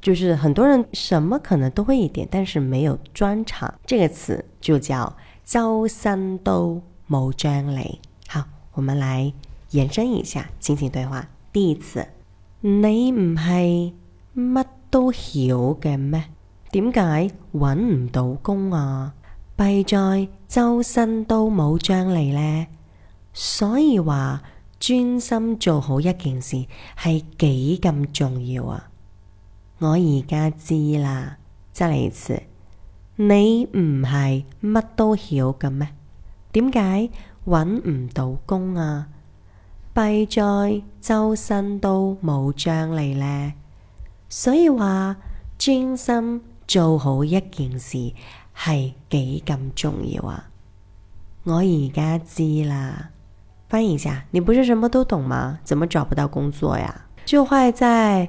就是很多人什麼可能都會一點，但是沒有專長。這個詞就叫周身刀冇張利。好，我們來延伸一下情景對話。第一次，你唔係乜都曉嘅咩？點解搵唔到工啊？弊在周身刀冇張利呢。所以話專心做好一件事係幾咁重要啊？我而家知啦，再嚟一次。你唔係乜都曉嘅咩？點解揾唔到工啊？弊在周身刀冇張利呢。所以話專心做好一件事係幾咁重要啊！我而家知啦，翻譯一下，你不是什麼都懂嗎？怎麼找不到工作呀？就壞在。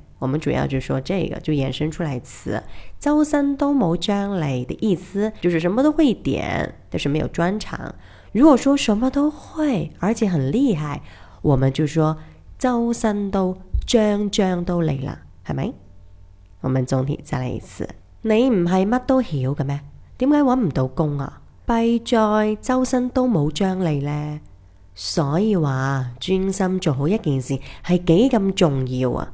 我們主要就說這個，就衍生出來詞“周身刀冇張利”的意思，就是什麼都會一點，但是沒有專長。如果說什麼都會而且很厲害，我們就說“周身刀張張都利啦”，係咪？我們總體再來一次：你唔係乜都曉嘅咩？點解搵唔到工啊？弊在周身刀冇張利咧，所以話專心做好一件事係幾咁重要啊！